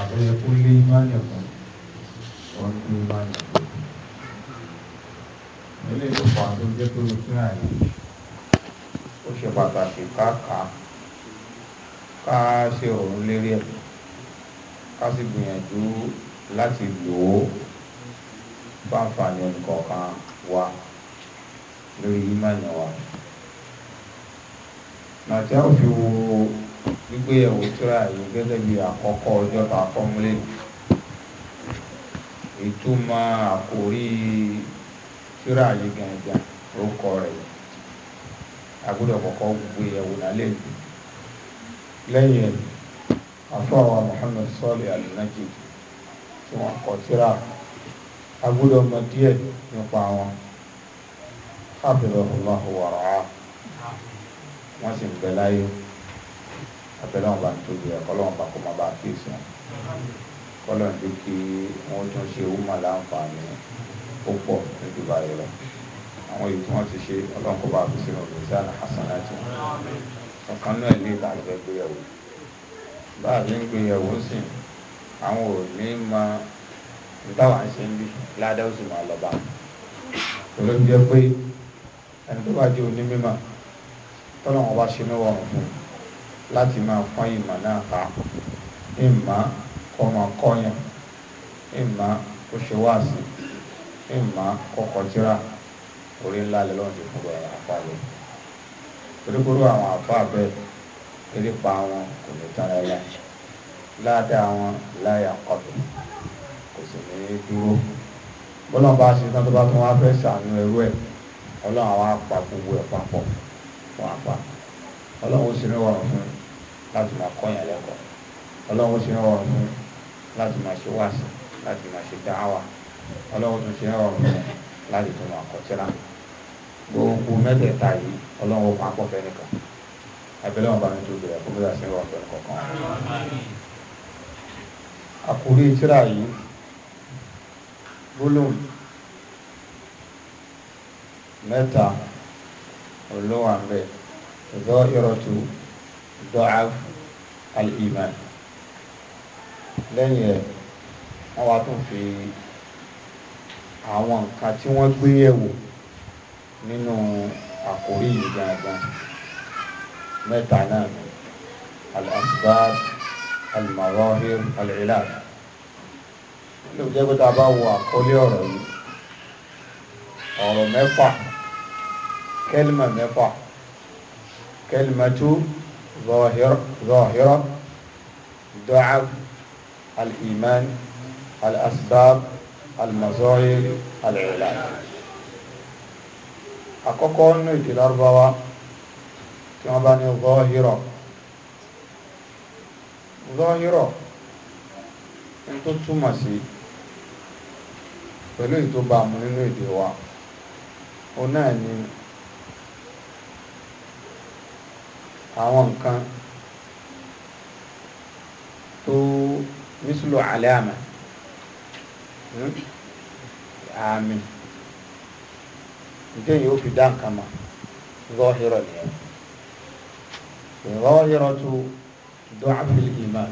àbẹ kó lé ìmánì kan wọn ní ìmánì kan ilé ìlúpa tó jẹ́ pé o tún àyè ó ṣe pàtàkì káàkà ká ṣe òun lérí ẹ̀ ká sì gbìyànjú láti lò ó bá àǹfààní ẹnìkọ̀ọ̀kan wa lórí ìmánì wa nàìjíríà Igwe tíra yìí gẹ́gẹ́ bí àkọ́kọ́ ọjọ́ ta fọ́múlé ìtumọ̀ àkórí tíra yìí gànjà orúkọ rẹ̀ agbọ́dọ̀ kọ́kọ́ gbígbéyàwó lálẹ́ lẹ́yìn àfọwà Muhammad sọ́ọ̀lì alìnàjì tí wọ́n kọ tíra agbọ́dọ̀ mọ̀ díẹ̀ nípa wọn wọ́n sì ń bẹ láyé. abẹ́lẹ́ wọn bá ń tóbi rẹ̀ kọ́ lọ́wọ́n bá kó máa bá a kíyèsí wọn kọ́ lọ́wọ́n jẹ́ kí wọ́n tún ṣe wúmà láǹfààní ó pọ̀ níbi báyìí lọ àwọn èyí tí wọ́n ti ṣe ọlọ́run kó bá a fi sínú òbíṣẹ́ àlàhásánà tí wọ́n ọ̀kan náà ní ìta àgbẹ̀ gbéyàwó bá a fi ń gbéyàwó sí àwọn ò ní máa ń táwọn ṣe ń bí ládàá ó sì máa lọ bá wọn olóbi pé ẹni tó bá jẹ́ onímọ̀ tọ́lọ́wọ́n bá ṣe mẹ́wàá ọ̀hún fún un láti máa fọ́n ìmọ̀ náà ká ìmọ̀ kọ́ máa kọ́yàn ìmọ̀ kó ṣe wá sí ìmọ̀ kọ́kọ́ tíra orí ńlá lọ́wọ́n ti fún bọ̀rọ̀ àpá lọ torípòrò àwọn àpá bẹ́ẹ̀ erépa wọn kò ní tán láyà ládàá wọn láyà kọ̀tù kò sì ní dúró bọ́lọ́n bá ṣe tán tó bá tún wá fẹ́ ṣàánú ẹrú ẹ̀ ọlọ́run àwọn apá gbogbo ẹ̀ papọ̀ fún apá ọlọ́run ó sì ní wọ̀rùn fún un láti máa kọ́ yàn lẹ́kọ̀ọ́ ọlọ́run ṣe rọrùn fún láti máa ṣe wáàsí láti máa ṣe dáhàwà ọlọ́run tún ṣe rọrùn fún láti tún máa kọ́ tíra gbogbo mẹ́tẹ̀ẹ̀ta yìí ọlọ́run ó pàápọ̀ fẹ́ nìkan abẹ́lẹ́ wọn bá mi tó bẹ̀rẹ̀ fún bẹ́ẹ̀ sí rọrùn fẹ́ nìkan. àkórí tíra yìí gbólóhùn mẹ́ta olówó àmbẹ̀ ìdọ́ ìrọ̀tù dọ́ àgbẹ̀ al-iman lẹ́yìn ẹ̀ wọ́n wá tún fi àwọn nǹkan tí wọ́n gbé yẹ̀wò nínú àkórí yìí gangan mẹ́ta náà ni al-asbab al-mazahir al pé tá a bá wo àkọlé ọ̀rọ̀ yìí ọ̀rọ̀ mẹ́fà kẹ́lìmà mẹ́fà kẹ́lìmà tó. ظاهر ظاهرة ضعف الإيمان الأسباب المظاهر العلاج àkọ́kọ́ nínú èdè lárúbáwá tí wọ́n bá ní zọ́hírọ̀ zọ́hírọ̀ ní tó túmọ̀ sí pẹ̀lú ìtòbàmù nínú èdè wa ó náà ni àwọn nǹkan tó mísúlò àlẹ́ àmà hmm, àmì ìdí yóò fi dá nǹkan mọ̀ zọ́hírọ̀ nìyẹn zọ́hírọ̀ tó dọ́àbìlì ìmọ̀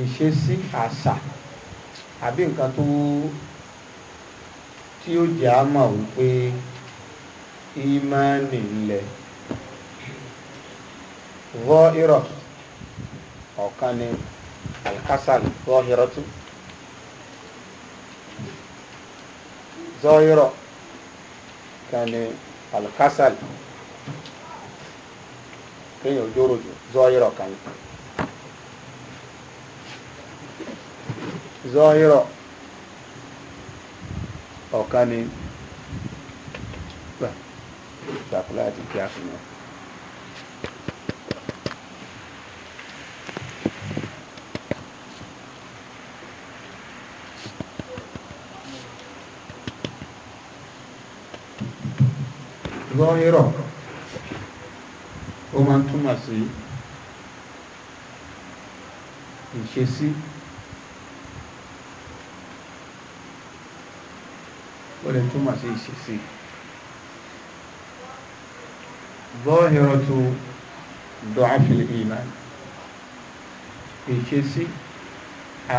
ìṣesí àṣà àbí nǹkan tó tí ó jẹ́ àmọ̀ wípé ìmọ̀ nìlẹ̀ zọ́ọ̀rọ̀ ọ̀kan ni alkasal zọ́ọ̀rọ̀tù zọ́ọ̀rọ̀ kan ni alkasal kéèyàn ojóró zọ́ọ̀rọ̀ kan ni zọ́ọ̀rọ̀ ọ̀kan ni gbà gbàkúlá àti kí a fi hàn. zọ́hírọ̀ ó máa ń túmọ̀ sí ìṣesí ó lè túmọ̀ sí ìṣesí zọ́hírọ̀ tó dọ́áfì ìmánì ìṣesí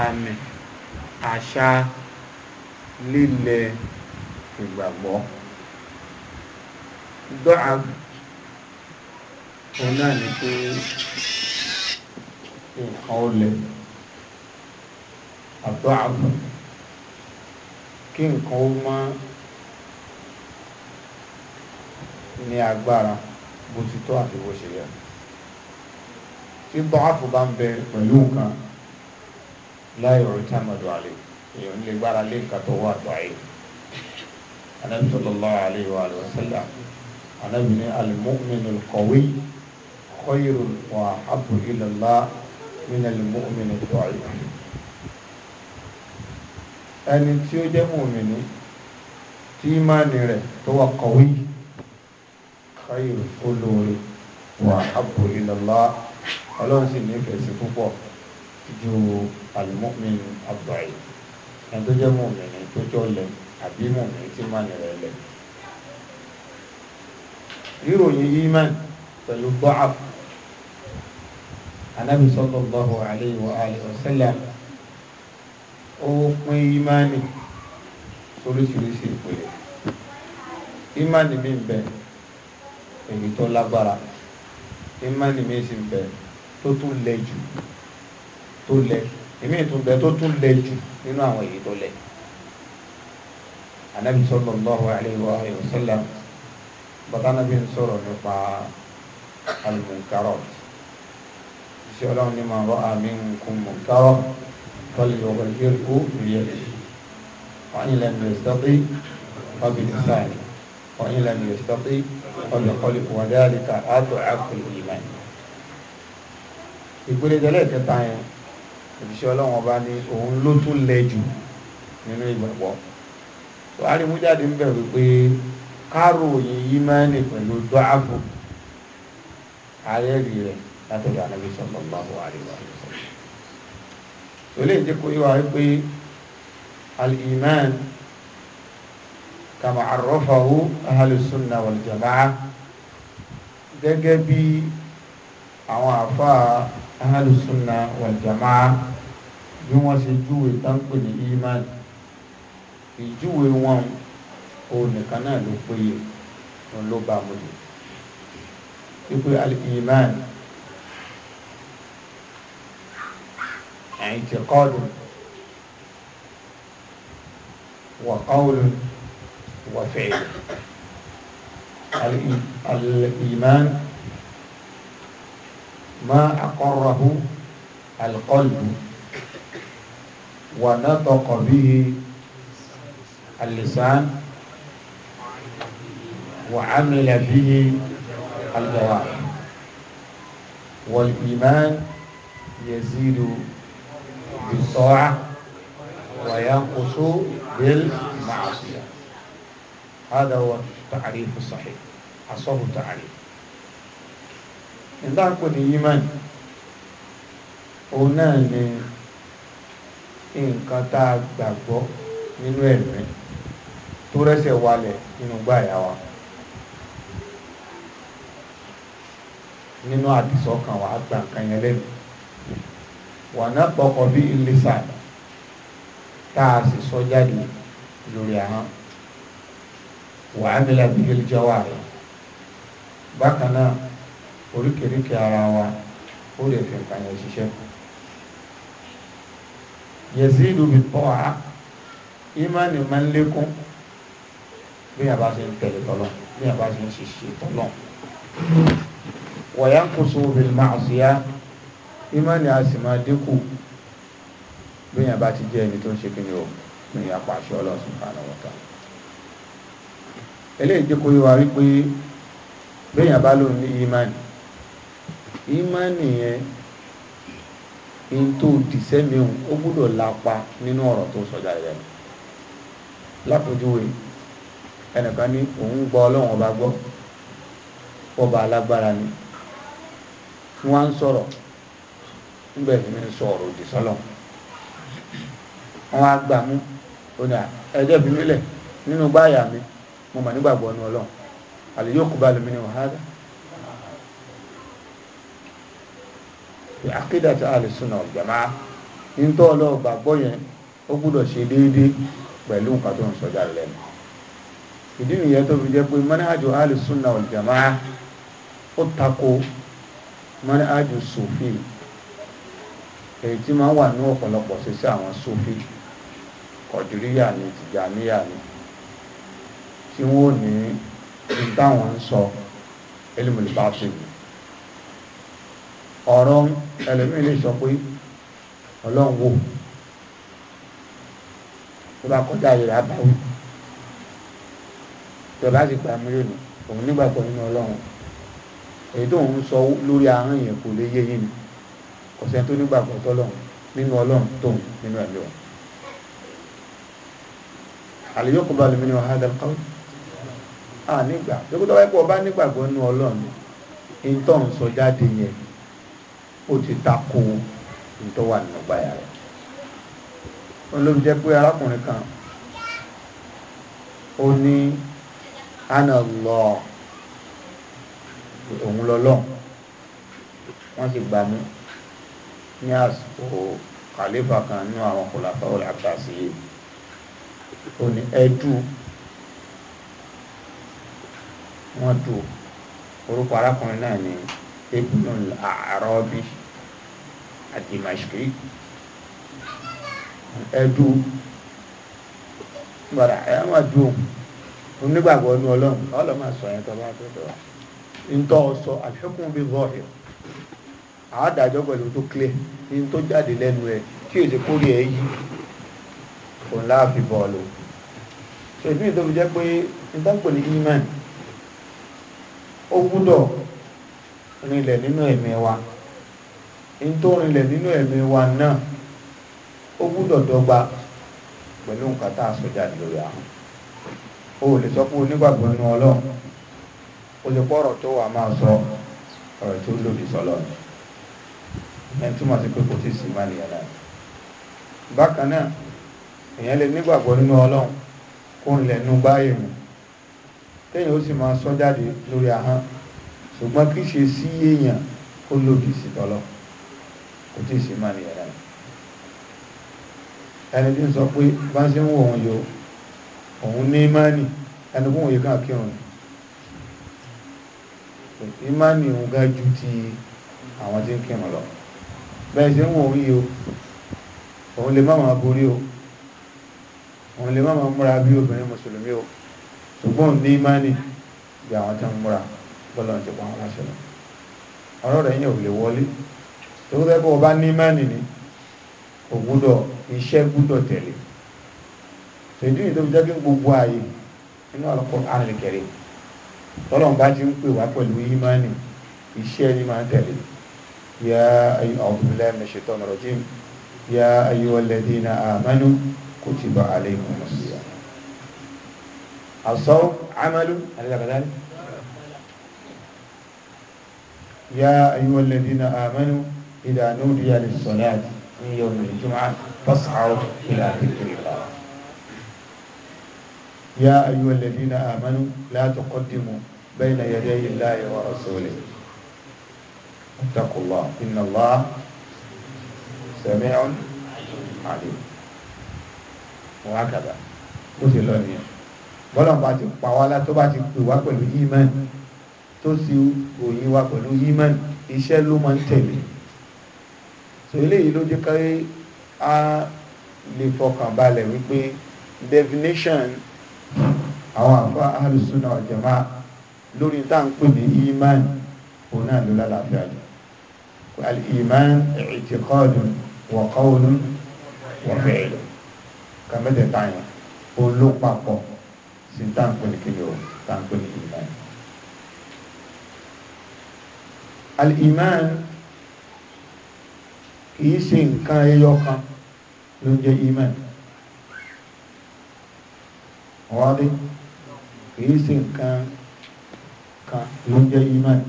àmì àṣà lílẹ̀ ìgbàgbọ́ dọ́à òun náà ni pé nǹkan ó lẹ̀ àdọ́à kí nǹkan ó má ní agbára bó ti tọ́ àti bó ṣe yẹ tí dọ́àfù bá ń bẹ pẹ̀lú nǹkan láyọ̀ orí tá a máa dọ̀ àlè èèyàn lè gbára lé nǹkan tó wà dọ̀ àyè. النبي صلى الله عليه وآله وسلم anabi ni alimuminu kọ̀wé kọ́yìrò wà abu ilàlá nínú alimuminu dọ̀ọ̀yì ẹni tí ó jẹ́ mùmìnì tí ìmáàni rẹ̀ tó wà kọ̀wé kọ́yìrò olóore wà abu ilàlá ọlọ́run sì nífẹ̀ẹ́ sí púpọ̀ ju alimuminu abdọ̀ọ̀yì ẹni tó jẹ́ mùmìnì tó jọ lẹ̀ àbí mùmìnì tí ìmáàni rẹ̀ lẹ̀ ìròyìn iman pẹ̀lú bọ́ọ̀p anabi sallallahu alayhi wa alihi wa sallam ó pín imani oríṣiríṣi ìpele imani mi ń bẹ èyí tó lágbára imani mi sì ń bẹ tó tún lẹ jù tó lẹ èmi ìtún bẹ tó tún lẹ jù nínú àwọn èyí tó lẹ anabi sallallahu alayhi wa bàtànàbí ń sọ̀rọ̀ nípa al-munkarat iṣẹ́ ọlọ́run ní ma ra'a minkum munkaran falyughayyirhu biyadihi wa in lam yastati' fabilisanihi wa in lam yastati' fabiqalbihi wa dhalika ad'afu al-iman. ìpele tẹ́lẹ̀ kẹta yẹn òṣìṣẹ́ ọlọ́run ọba ní òun ló tún lẹ káròyìn ìmánì pẹ̀lú dọ́àbù ààrẹ́rì rẹ̀ látọ̀dọ̀ ànábì sallallahu alaihi wa sallam tó lè jẹ́ kó yíwa wípé al-iman kama arrafahu ahlu sunna wal jama'a gẹ́gẹ́ bí àwọn àfa ahlu sunna bí wọ́n ṣe júwe tán ní iman ìjúwe wọn òun nìkan náà ló péye òun ló bá mọ́lẹ̀ wípé al-iman i'tiqad wa qawl wa fi'l al-iman ma aqarrahu al-qalb wa nataqa bihi al-lisan وعمل به الجوارح والإيمان يزيد بالطاعة وينقص بالمعصية هذا هو التعريف الصحيح أصح التعريف إذا كنت إيمان òun náà ni nǹkan tá a gbàgbọ́ nínú ẹ̀mí tó rẹ́sẹ̀ walẹ̀ nínú àdìsọ́kàn wà á gba nǹkan yẹn lẹ́nu wà náà pọkàn bí ilésà tá a sì sọ jáde lórí ahọ́n wà á nílẹ̀ bí eléjọ́wà rẹ̀ bákan náà oríkèéríkèé ara wa ó lè fi nǹkan yẹn ṣiṣẹ́ kù bí pọ̀ á ìmánì máa ń lékún bí a bá ṣe ń tẹ̀lé tọ́lọ́ bí a bá ṣe ń ṣiṣẹ́ tọ́lọ́ wọ̀yánkoso bil ma'asiya ìmánì a sì máa dínkù bíyàn bá ti jẹ́ ẹni tó ń ṣe kíni o ní apá aṣọ ọlọ́run subhanahu wa ta'ala eléyìí jẹ́ kó yé wa wípé bíyàn bá lòun ní ìmánì ìmánì yẹn in tó dìsẹ́mìíhùn ó gbúdọ̀ lápa nínú ọ̀rọ̀ tó sọjá rẹ̀ lápòjúwe ẹnìkan ní òun gbọ́ ọlọ́run ọba gbọ́ ọba alágbára ni. nwaa nsọrọ ń sọ̀rọ̀ níbẹ̀ ni mi ń sọ ọ̀rọ̀ òdì sọ́lọ̀ wọ́n á gbà bí nínú báyà mi mo mà nígbàgbọ́ ní ọlọ àlè yóò kú balẹ̀ mi ní wàhálà àkídà tí a lè súnà gbàgbọ́ yẹn ó gbúdọ̀ ṣe pẹ̀lú nǹkan tó ń lẹ́nu ìdí nìyẹn tó mọ́ni ájú sùfì èyí tí máa ń wà ní ọ̀pọ̀lọpọ̀ ṣẹṣẹ àwọn sùfì kọ̀dìríyà ni tìjàníyà ni tí wọ́n ní ní táwọn ń sọ elimuli bàtì ni ọ̀rọ̀ ẹlẹ́mìí lè sọ pé ọlọ́run wò tó bá kọjá ìrà báwí tó bá sì gbà mí òun nígbàgbọ́ nínú ọlọ́run èyí tó ń sọ lórí ahọ́n yẹn kò lè yé yín ni kò sẹ́ni tó nígbàgbọ́ tọ́lọ́run nínú ọlọ́run tóun nínú ẹ̀mí wọn. àlejò kò bá lómi ní wàhálà kọ́wé à nígbà dókítà wáyé pé ọba nígbàgbọ́ nínú ọlọ́run ní tó ń sọ jáde yẹn ó ti tako ní tó wà nínú gbáyà rẹ̀ olóòmù jẹ́ pé arákùnrin kan ó ní ana Allah òun lọ́lọ́n wọ́n sì gbà mú ní àsìkò kàlífà kan nínú àwọn kòlàfà ọ̀làkà sí ó ní ẹ̀dù wọ́n dù orúkọ arákùnrin náà ní ibùnú àrọ́bí àdìmàṣíkì ẹ̀dù gbọ́dọ̀ ẹ̀ máa dù onígbàgbọ́ ní ọlọ́run ọlọ́run máa sọ yẹn tó bá tó tó wà ntọ́ sọ àfikún bí zọ́ọ̀hì àádájọ́ pẹ̀lú tó clear ní tó jáde lẹ́nu ẹ̀ tí èsì kórè ẹ̀ yí kò láàfin bọ́ọ̀lù so ìdí ìdó fi jẹ́ pé ìdánkò ní iman ó gbúdọ̀ rinlẹ̀ nínú ẹ̀mí wa ní tó rinlẹ̀ nínú ẹ̀mí wa náà ó gbúdọ̀ dọ́gba pẹ̀lú nǹkan tá a sọ jáde lórí ahọ́n o lè sọ pé onígbàgbọ́ nínú ọlọ́run ó lè pọ̀ ọ̀rọ̀ tó wà máa sọ ọ̀rọ̀ tó lòdì sọ́lọ́ ni ẹ̀ túmọ̀ sí pé kò tí ì sí máa nìyẹn náà bákan náà èèyàn lè nígbàgbọ́ nínú ọlọ́run kó ń lẹ̀nu báyìí mu téèyàn ó sì máa sọ jáde lórí ahọ́n ṣùgbọ́n kì ṣe sí èèyàn kó lòdì sí tọ́lọ́ kò tí sí máa nìyẹn náà ẹni tí ń sọ pé bá ń ṣe ń wò òun yo òun ní mánì ẹni kún òye kan ìmánì òun gan ju ti àwọn tí ń kírun lọ bẹ́ẹ̀ ṣe ń wò wí o òun lè má máa borí o òun lè má máa múra bí obìnrin mùsùlùmí o ṣùgbọ́n ní ìmánì bí àwọn tí ń múra bọ́lá ti pa àwọn aṣọ lọ ọ̀rọ̀ rẹ̀ yẹn ò lè wọlé tó kọ́ tẹ́kọ̀ ọba ní ìmánì ni kò gbúdọ̀ iṣẹ́ gbúdọ̀ tẹ̀lé ṣèjú ìdóbi jẹ́ kí gbogbo ààyè nínú Al-Qur'an tọ́lọ́n bá ti ń pè wá pẹ̀lú ìmánì iṣẹ́ ẹni máa tẹ̀lé ya a'udhu billahi minash shaitonir rajim ya ayyuhal ladhina amanu kutiba alaykumus siyam as-sawm 'amalun alaysa kadhalik ya ayyuhal ladhina amanu idha nudiya يا أيها الذين آمنوا لا تقدموا بين يدي الله ورسوله اتقوا الله إن الله سميع عليم وهكذا ó sì lọ nìyẹn bọ́lọ̀n bá ti pa wá lá tó bá ti pè wá pẹ̀lú yímẹ́n tó sì òyìn wá pẹ̀lú yímẹ́n iṣẹ́ ló máa ń tẹ̀lé so eléyìí ló jẹ́ káyé a lè fọkàn balẹ̀ wípé definition àwọn àfa alùsùnà ọ̀jẹ̀má lórí táǹkù ní imán òun náà ló lálàáfíà jù al-imán i'tiqadun wa qawlun wa fi'lun kàmẹ́tẹ̀ táyà olópapọ̀ sí táǹkù ní kíni o táǹkù ní imán. al-imán kìí ṣe nǹkan ẹyọ ló ń jẹ́ wọ́n kìí ṣe nǹkan kan ló ń jẹ́ iman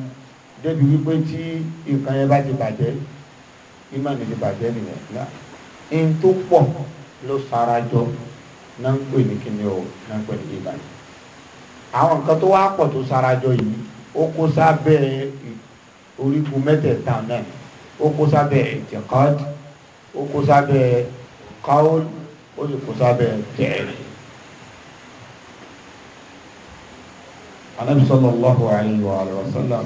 débi wípé tí nǹkan yẹn bá ti bàjẹ́ iman ti bàjẹ́ nìyẹn náà in tó pọ̀ ló sarajọ náà ń pè ní kíni o náà ń pè ní iman àwọn nǹkan tó wá pọ̀ tó sarajọ yìí ó kó sábẹ́ orígun mẹ́tẹ̀ẹ̀ta náà ó kó sábẹ́ ìtìkọ́d ó kó sábẹ́ kọ́ọ̀lù ó sì kó sábẹ́ tẹ̀ẹ̀rì. anabi sallallahu alayhi wa alayhi wa sallam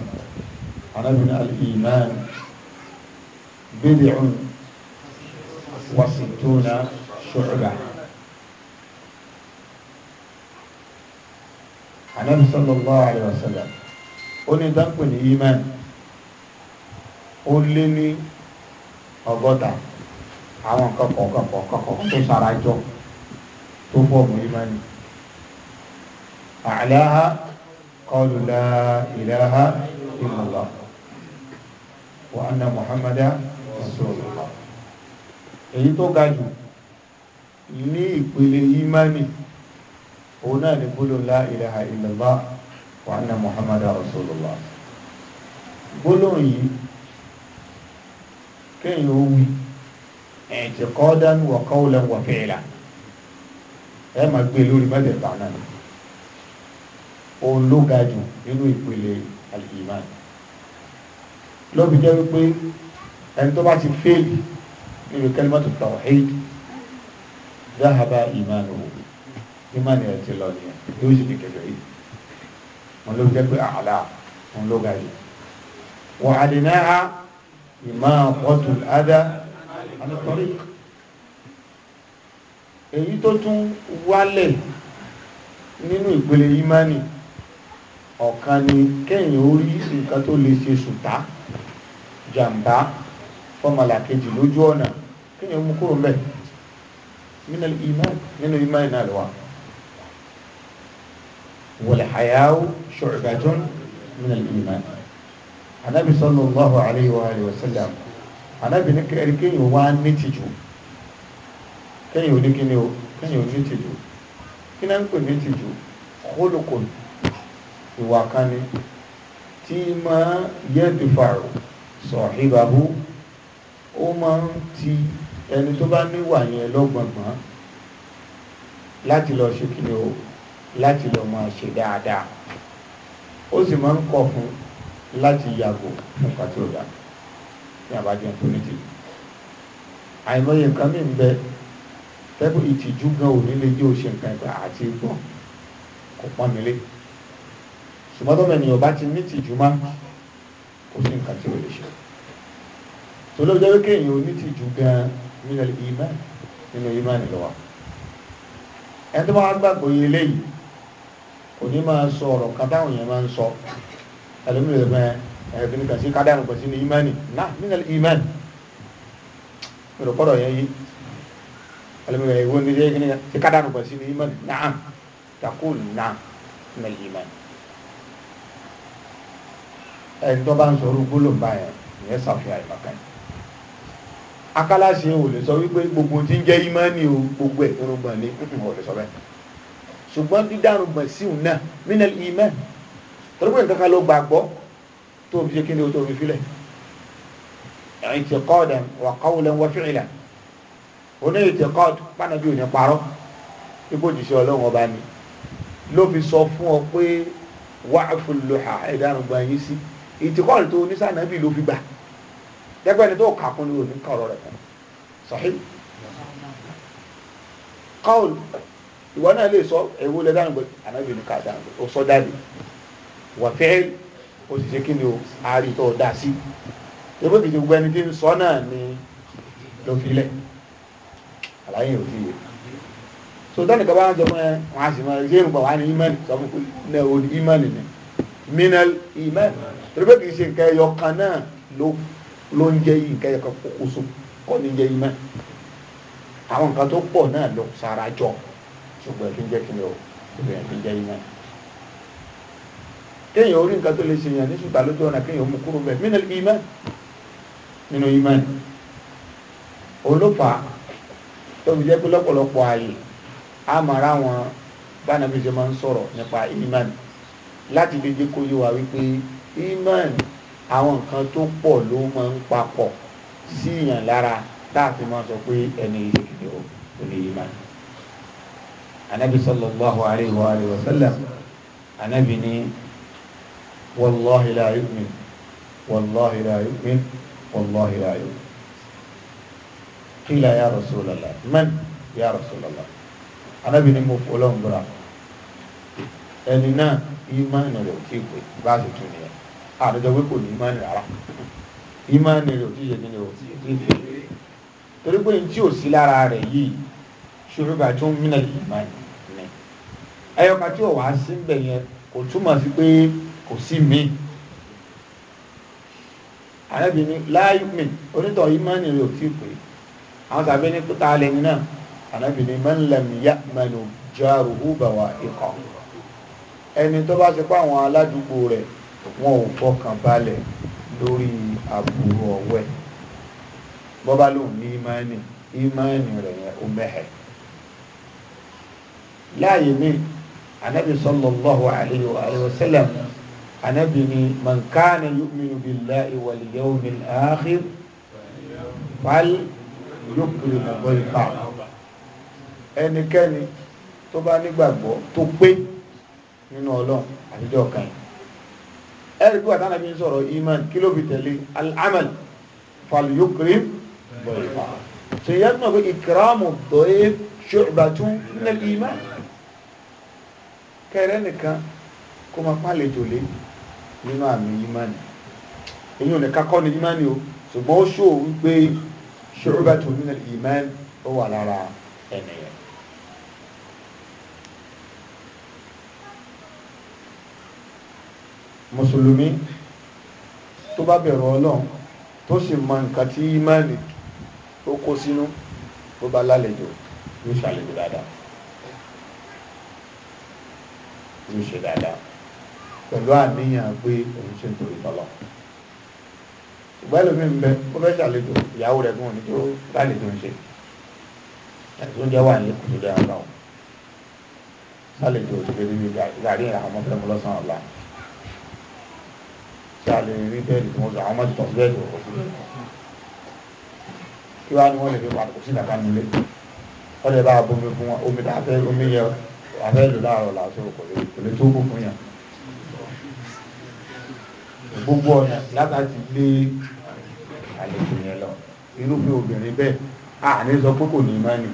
anabi ni al-iman bid'un wa sittuna shu'ba anabi sallallahu alayhi wa sallam ó ní dápò ní iman ó lé ní ọgọ́ta àwọn nǹkan kọ̀ọ̀kan sarajọ tó fọ́ọ̀mù imani àlẹ́ ha قالوا لا إله إلا الله وأن محمدا رسول الله èyí tó ga jù ní ìpele ìmáni òun náà ni gbólóhùn la ilaha illallah wa anna muhammadan rasulullah gbólóhùn yìí kéèyàn ó wí i'tiqadan wa qawlan wa fi'lan ẹ máa gbé lórí mẹ́tẹ̀ẹ̀ta náà òun ló ga jù nínú ìpele al-iman lóbi jẹ́ wípé ẹni tó bá ti fèèlì nínú kalimatu tawhid dáhàbá ìmánu ìmánu ẹ̀ ti lọ nìyẹn yóò sì ní kẹfẹ́ yìí wọn ló jẹ́ pé àlá wọn ló ga jù wọ́n àdínà á ìmá ọ̀tún ádá alùpàrí èyí tó tún wálẹ̀ nínú ìpele ìmánu ọ̀kan ni kẹ́yìn ó rí nǹkan tó lè ṣe ṣùtá jàǹbá fọmọlà kejì lójú ọ̀nà kẹ́yìn ó mú kúrò mbẹ̀ nínú ìmáì náà lọ́wọ́ wal haya'u shu'batun min al-iman anabi sallallahu alayhi wa alihi wa sallam anabi ní kẹ́rin kẹ́yìn wá ní tìjú kẹ́yìn ò ní o kẹ́yìn ò ní kí náà ń pè ní tìjú khuluqun ìwà kan ni tí máa yẹ́dùfàrò sọ̀híbàbú ó máa ń ti ẹni tó bá níwà yẹn lọ́gbọ̀ngbọ̀n láti lọ ṣe kí ni o láti lọ máa ṣe dáadáa ó sì máa ń kọ̀ fún láti yàgò fún nǹkan tí ní àbájọ tó àìmọye nǹkan mí ń bẹ tẹ́kù ìtìjú gan ò ní jẹ́ òṣè ìgbà àti gbọ́n kò pọ́n mi lé ṣùgbọ́n tó mẹ́nìyàn bá ti ní tìjú má kò sí nǹkan tí ó lè ṣe tó ló jẹ́ wípé èèyàn ò ní tìjú gan nínú ìmán nínú ìmán nìlọ wa ẹni tó máa gbàgbọ́ yé léyìí kò ní máa sọ ọ̀rọ̀ kan táwọn èèyàn máa ń sọ ẹlòmíràn mẹ ẹ̀ẹ́dínní kan sí kádàrún kan sí ní ìmán nì náà nínú ìmán ìrọ̀kọ́dọ̀ yẹn yìí ẹlòmíràn ìwé oníṣẹ́ kí kádàrún kan sí ní ìmán nì náà takùn náà nínú ìmán nì ẹni tó bá ń sọ̀rọ̀ gbólóńgbà yẹn ìyẹn ṣàfihàn ìmọ̀kan yìí akálàṣe ò lè sọ wípé gbogbo tí ń jẹ́ ìmánì o gbogbo ẹ̀ irùngbọ̀n ni ò lè sọ bẹ́ẹ̀ ṣùgbọ́n dídárùngbọ̀n síhùn náà mínal ìmán torí pé nǹkan kan ló gbàgbọ́ tó o fi ṣe kíni o tó o fi filẹ̀ i'tiqadan wa qawlan wa fi'lan oní i'tiqad pànàbí ò parọ́ ipò òjìṣẹ́ ọlọ́run ọba ni ló fi sọ fún ọ pé wa'ful luha ẹ̀dárùngbọ̀n yìí sí ìtìkọ́ọ̀lù tó onísànàbì ló fi gbà dẹ́gbẹ́ ni tó kà kún ní òní kọ̀rọ̀ rẹ̀ kan sahih kọ́ọ̀lù ìwọ náà lè sọ ewu lẹ dáhùn pé ànábì ní ká dáhùn pé ó sọ jáde wà fẹ́ẹ́ ó sì ṣe kí ni o àárí tó dá sí ebó kìí ṣe gbogbo ẹni tí ń sọ náà ni ló fi lẹ̀ àlàyé ò fi yé so tẹ́nì kan bá ń sọ fún ẹ wọn a sì máa ṣé ìrùbọ̀ wà ní ìmánì sọ fún pé náà ó ní ìmánì ni minal ìmánì torí pé kìí ṣe nǹkan ẹyọ kan náà ló ló ń jẹ́ yìí nǹkan ẹyọ kan kókóso kọ́ ní jẹ́ yìí mọ́ àwọn nǹkan tó pọ̀ náà ló sára jọ ṣùgbọ́n ẹ̀ jẹ́ kí ni o ṣùgbọ́n ẹ̀ fi ń jẹ́ yìí mọ́ kéèyàn orí nǹkan tó lè ṣe yàn ní ṣùgbọ́n lójú ọ̀nà kéèyàn mú kúrò bẹ́ẹ̀ mínú ìmán nínú ìmán olófà tó fi jẹ́ pé lọ́pọ̀lọpọ̀ ààyè a máa wọn bánàbí iman àwọn nǹkan tó pọ̀ ló máa ń papọ̀ sí ìyàn lára táàfin máa sọ pé ẹni ìṣèkìlẹ o kò ní iman anabi sallallahu alayhi wa alayhi wa sallam anabi ni wàllahi la yu'min wàllahi la yu'min wàllahi la yu'min qila ya rasulallah man ya rasulallah anabi ni mo fọlọ́n bura ẹni náà iman rẹ̀ kí pé bá a ti tún ní àdójọ ah, pé kò ní ìmánì rárá ìmánì rẹ̀ ò tí ì yẹ kí ni o torí pé tí ò sí lára rẹ̀ yìí ṣòro bá tó ń mí náà ìmánì ni ẹyọkà tí ò wá sí ń bẹ̀ yẹn kò túmọ̀ sí pé kò sí mi àrẹ́bí ni láàyè mi onítọ̀ ìmánì rẹ̀ ò tí pé àwọn tàbí ní kúta alẹ́ náà àrẹ́bí ni mẹ́lẹ̀mí yá mẹ́lẹ̀ járuhu ikọ̀ ẹni tó bá ti pa àwọn aládùúgbò rẹ̀ wọn ò fọkàn balẹ̀ lórí àbúrò ọ̀wẹ́ bọ́bá lòun ní ìmáànì ìmáànì rẹ̀ yẹn ó mẹ́hẹ̀ láàyè mi anabi sallallahu alayhi wa alayhi wa sallam anabi ni man kana yu'minu billahi wal yawmil akhir fal yukrim ẹnikẹ́ni tó bá nígbàgbọ́ tó pé nínú ọlọ́run àtijọ́ kan yìí ẹ̀rí pé àtànà bí ń sọ̀rọ̀ iman kí ló fi tẹ̀lé al'amal falyukrim bọ̀lá so yẹ́ tó pé ìkìrámù dọ̀ẹ́ ṣùgbàtú nílẹ̀ iman kẹrẹ nìkan kó máa pàlẹ̀ jòlé nínú àmì iman èyí ò ní kakọ́ ní iman o ṣùgbọ́n ó ṣòwò wípé ṣùgbàtú nílẹ̀ iman ó wà lára ẹnìyàn mùsùlùmí tó bá bẹ̀rù ọlọ́run tó sì mọ nǹkan tí ìmáàlì ó kó sínú tó bá lálejò yóò ṣàlejò dáadáa yóò ṣe dáadáa pẹ̀lú àníyàn pé òun ṣe ń torí tọ́lọ́ ṣùgbọ́n ẹlòmíì ń bẹ ó fẹ́ ṣàlejò ìyàwó rẹ̀ gan ní tó lálejò ń ṣe ẹ̀sùn jẹ́ wà ní kùtù dáadáa ṣàlejò tó fẹ́ gàrí àwọn ọmọ ọ̀la tí a lè rí bẹ́ẹ̀lì tí wọ́n sọ àwọn mọ́tò tọ́sí bẹ́ẹ̀lì ọ̀rọ̀ sí kí wá ní wọ́n lè fi pàtó sí ìdàkà nílé wọ́n lè bá a bomi fún wọn omi tá a fẹ́ omi yẹ afẹ́ lò láàárọ̀ làásù kò lè kò lè tó kù fún yàn gbogbo ọ̀nà látàtí lé àlejò yẹn lọ irúfẹ́ obìnrin bẹ́ẹ̀ a ní sọ pé kò ní ìmánì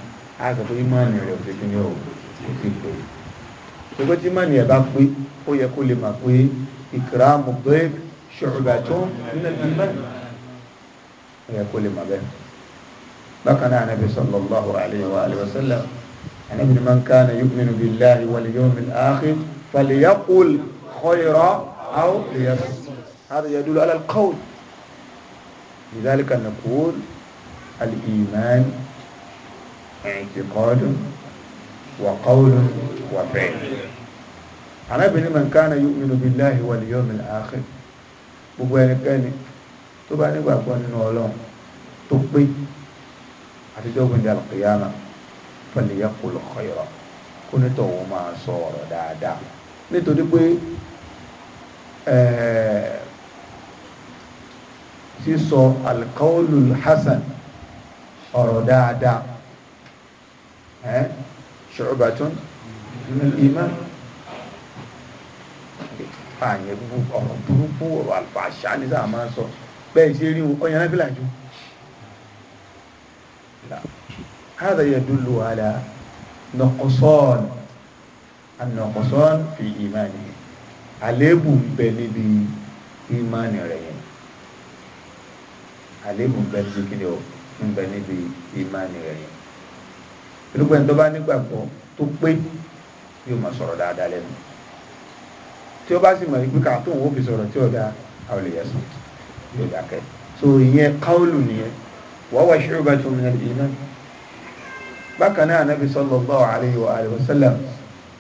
a sọ pé ìmánì rẹ̀ ò ti kí ni ò kò ti pè é ṣùgbọ́n tí ìmánì ẹ̀ bá pé ó yẹ kó lè mà pé ìkìrámù bẹ́ẹ̀ شعبات من الإيمان كل ما به بقى النبي صلى الله عليه وآله وسلم أن ابن من كان يؤمن بالله واليوم الآخر فليقل خيرا أو ليصمت هذا يدل على القول لذلك نقول الإيمان اعتقاد وقول وفعل أنا ابن من كان يؤمن بالله واليوم الآخر gbogbo ẹnikẹ́ni tó bá nígbàgbọ́ nínú ọlọ́run tó pé àtijọ́ gbìndé àlùkìyàmà fẹ̀lẹ̀yà kò lọ ọ̀yọ̀ kó nítọ̀ wọ́n máa sọ ọ̀rọ̀ dáadáa nítorí pé eh, sísọ alkaolu hasan ọ̀rọ̀ dáadáa ṣùgbọ́n tún ìmọ̀ àyẹn gbogbo ọ̀rọ̀ burúkú ọ̀rọ̀ àlùfàṣà ní sáà máa ń sọ bẹ́ẹ̀ ṣe rí wọn ọyàn náfìlà jù. هذا يدل على نقصان النقصان في إيمانه àléébù ń bẹ níbi ìmánì rẹ̀ yẹn àléébù ń bẹ níbi kíni o ń bẹ níbi ìmánì rẹ̀ yẹn irúgbẹ́ni tó bá nígbàgbọ́ tó pé yóò máa sọ̀rọ̀ dáadáa lẹ́nu tí ó bá sì mọ̀ wípé kàtó òun ó fi sọ̀rọ̀ tí ọ̀dà àwọn èèyàn sùn yóò dákẹ́ so ìyẹn káwọ́lù nìyẹn wọ́n wá ṣe ìrúbà tó mìíràn ìdí náà bákan náà anábì sallallahu alayhi wa alihi wa sallam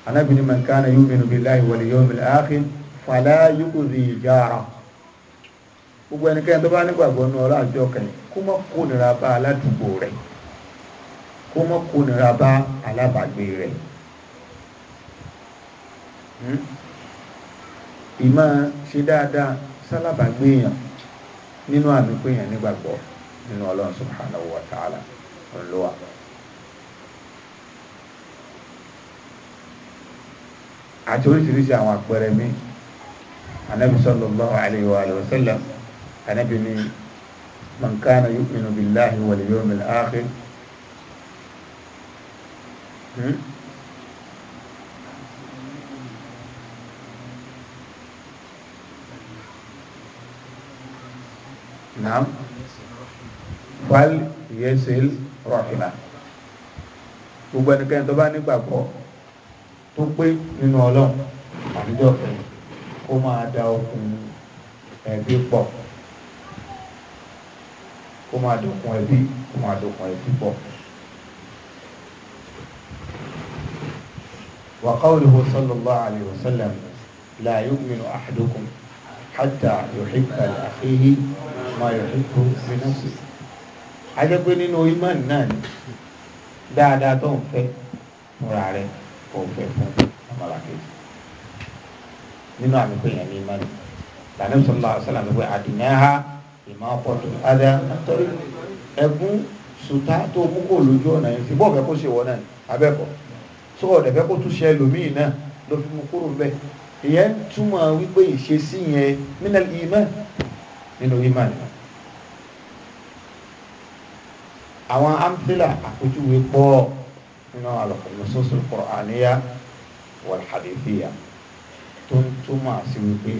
anábì ní man kana yu'minu billahi wal yawmil akhir fala yu'zi jara gbogbo ẹnikẹ́ni tó bá nígbàgbọ́ ní ọlọ́ àjọ kẹ́yìn kó má kó nira bá aládùúgbò rẹ̀ kó má kó nira bá alábàgbé rẹ̀. Hmm? ìmọ̀ ṣe dáadáa sálábàgbé èèyàn nínú àmì pé èèyàn nígbàgbọ́ nínú ọlọ́run subhanahu wa ta'ala ọlọ́wà. àti oríṣiríṣi àwọn àpẹẹrẹ mi anabi sallallahu alayhi wa alayhi wa sallam anabi ni man kana billahi wal yawmil akhir. Hmm? nam fal yẹsẹl rọhìmà gbogbo ẹnikẹ́ni tó bá nígbàgbọ́ tó pé nínú ọlọ́run àdúgbò kẹ́yìn kó máa da okùn ẹbí pọ̀ kó máa dòkun ẹbí kó máa dòkun ẹbí pọ̀. وقوله صلى الله عليه وسلم لا يؤمن أحدكم حتى يحب لأخيه máa yọ̀ ní kó iná sí i ajẹ́ pé nínú imán náà ni dáadáa tó ń fẹ́ fúnra rẹ̀ kò fẹ́ fún ọmọlàkejì nínú àmì pé yẹn ní imán lànà sọlá sọlá mi pé àdìmẹ́hà ìmọ̀ ọ̀pọ̀tò adá nítorí ẹ̀gún sùtá tó mú kó lójú ọ̀nà yẹn sí bọ́ọ̀ fẹ́ kó ṣe wọ náà abẹ́kọ̀ sọ̀rọ̀ dẹ̀fẹ́ kó tún ṣe ẹlòmíì náà ló fi mú kúrò bẹ́ẹ̀ ìyẹn túmọ̀ wípé ìṣesí yẹn mínà ìmọ̀ nínú imán àwọn amthila àpèjúwe pọ̀ nínú alùpùpù kọ̀ọ̀ánìyà wal hadithiyya tó ń túmọ̀ sí wípé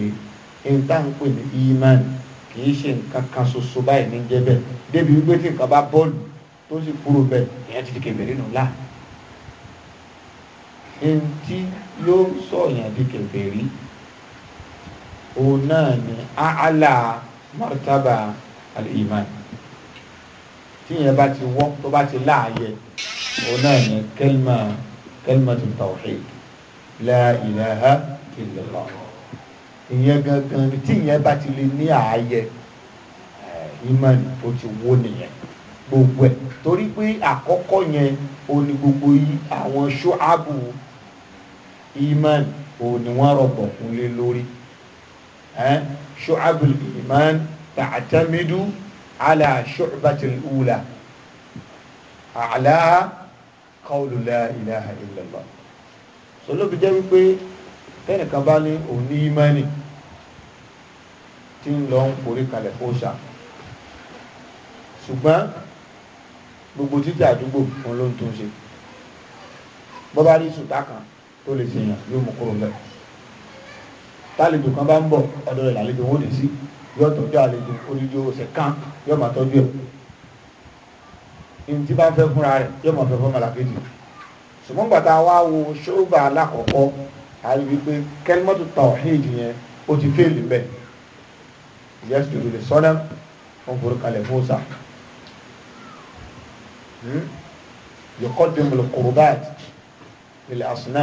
nǹkan ń pè ní imán kì í ṣe nǹkan kan ṣoṣo báyìí ní jẹ́ bẹ́ẹ̀ débi wípé tí nǹkan bá bọ́ọ̀lù tó sì kúrò bẹ́ẹ̀ ìyẹn ti di kèfèrí nù láà ntí yóò sọ yẹn di kèfèrí òun náà ni àálà mọ́tàbà al-iman tíyẹn bá ti wọ́ tó bá ti láàyè òun náà ní kẹlmà kẹlmà tó tawhid la ilaha illallah ìyẹn gangan tíyẹn bá ti lè ní ààyè eh, iman ó ti wó nìyẹn gbogbo ẹ̀ torí pé àkọ́kọ́ yẹn ó ní gbogbo yìí àwọn ṣọ́ábù iman ò ní wọ́n rọ̀gbọ̀kún lé lórí ẹ́ eh? shu'abul iman ta'tamidu ala shu'batil ula àlàá qawlu la ilaha illallah sọlọ́bi jẹ́ wípé tẹ́nìkan bá ní òun ní ìmánì tí ń lọ ń forí kalẹ̀ fóṣà ṣùgbọ́n gbogbo títí àdúgbò òun ló ń tún ṣe bọ́bá rí sùtá kan tó lè ṣèyàn yóò mú kúrò mẹ́rin tálejò kan bá ń bọ̀ ọ̀dọ̀ rẹ̀ lálejò wọn ò dé sí yóò tọ́jú àlejò olùjọ ọ̀sẹ̀ kan yóò máa tọ́jú ẹ̀ ìntí bá ń fẹ́ fúnra rẹ̀ yóò máa fẹ́ fún malakeji ṣùgbọ́n gbàtà wa wo ṣọ́ọ̀bà alákọ̀ọ́kọ́ àyè wípé kẹ́límọ́tò tawhid yẹn ó ti fẹ́ẹ̀lì mbẹ́ yẹ́sì tó lè sọ́nà wọn forí kalẹ̀ fóòsà yọkọ́ dèmọ̀lẹ̀ kùrùbáàtì ilẹ̀ àsùnà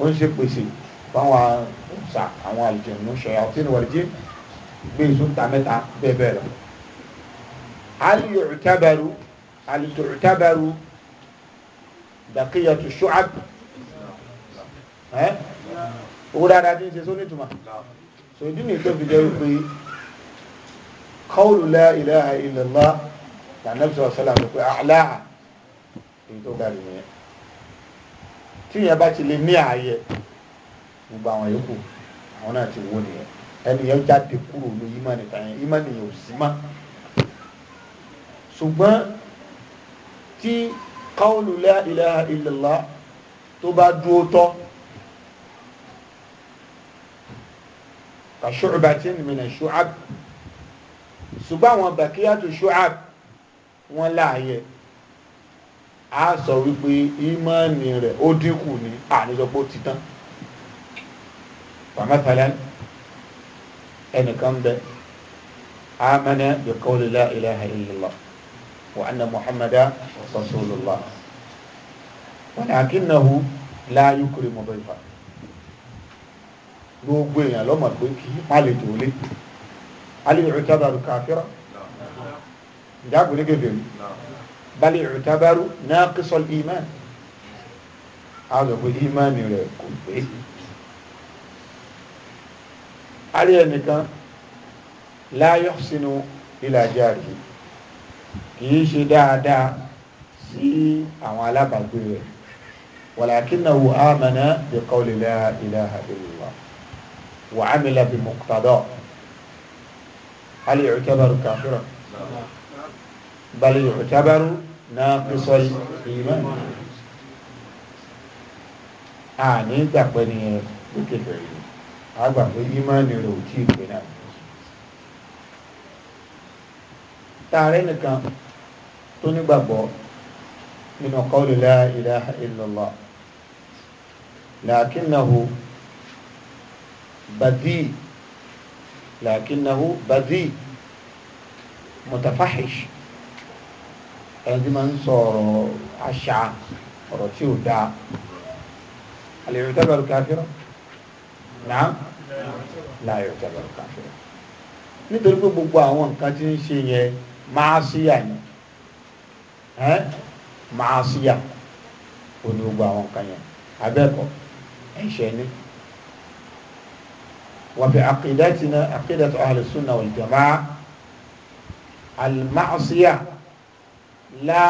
ó ń ṣe pèsè fáwọn ọ̀sà àwọn àlùjẹ̀nu ṣẹ̀yà ọtí ni wọ̀lẹ́jì gbé ìsúnta mẹ́ta bẹ́ẹ̀ bẹ́ẹ̀ lọ. alìyọ̀tàbẹ̀rù alìyọ̀tàbẹ̀rù dàkíyàtú ṣọ́àb owó dáadáa ti ń ṣe sóní tuma so ìdí nìyí tó fi jẹ́ wípé kọ́ọ̀lù la ilaha illallah tànàbísọ̀ ọ̀sálà ló pé àláà èyí tó ga nìyẹn tí ìyẹn bá ti lè ní ààyè gbogbo àwọn yòókù àwọn náà ti wó nìyẹn ẹnìyẹn jáde kúrò ní ìmánì kan yẹn ìmánì yẹn ò sí mọ́ ṣùgbọ́n tí qawlu la ilaha illallah tó bá dúró tọ́ ka shu'batin min ash-shu'ab ṣùgbọ́n àwọn baqiyatu shu'ab wọ́n láàyè a sọ wípé ìmánì rẹ̀ ó dínkù ní àníjọpọ̀ títán fàmẹ́tàlẹ́ أنا bẹ amẹ́nẹ́ bi لا إله إلا الله wa anna رسول الله walakinnahu la yukrimu dayfa gbogbo èèyàn lọ́mọ pé kì í má lè tó lé alẹ́ ìrìtàbàrù kàfíra ìjágun ní kébèrè balẹ̀ ìrìtàbàrù náà kí sọ ìmán a lọ pé ìmán rẹ̀ kò pé arí ẹnìkan láyọ̀ sínú ìlàjà rí kìí ṣe dáadáa sí àwọn alábàágbé rẹ̀ wàlàkínàwó àmàna bi qawli la ilaha illallah wa amila bi muqtada hal yu'tabaru kafiran bal yu'tabaru naqisal iman àní ìgbàpẹ́ nìyẹn lókè á gbà pé ìmánì rẹ̀ ò tí ì pé náà tààrẹ nìkan tó nígbàgbọ́ nínú qawli la ilaha illallah làákínnahu bàdí làákínnahu bàdí mutafahish ẹni tí ń sọ ọ̀rọ̀ àṣà ọ̀rọ̀ tí ò dáa àlè ìrìtàgbàlù káfíńrà náà láyọ̀ jábọ̀ káfíà nítorí pé gbogbo àwọn nǹkan tí ń ṣe yẹn máa síyà ni máa síyà ò ní gbogbo àwọn nǹkan yẹn abẹ́ẹ̀kọ́ ẹ̀ṣẹ̀ ni wà fi àkìdátìna àkìdátì ahli sunna wal jamaa al-ma'siya la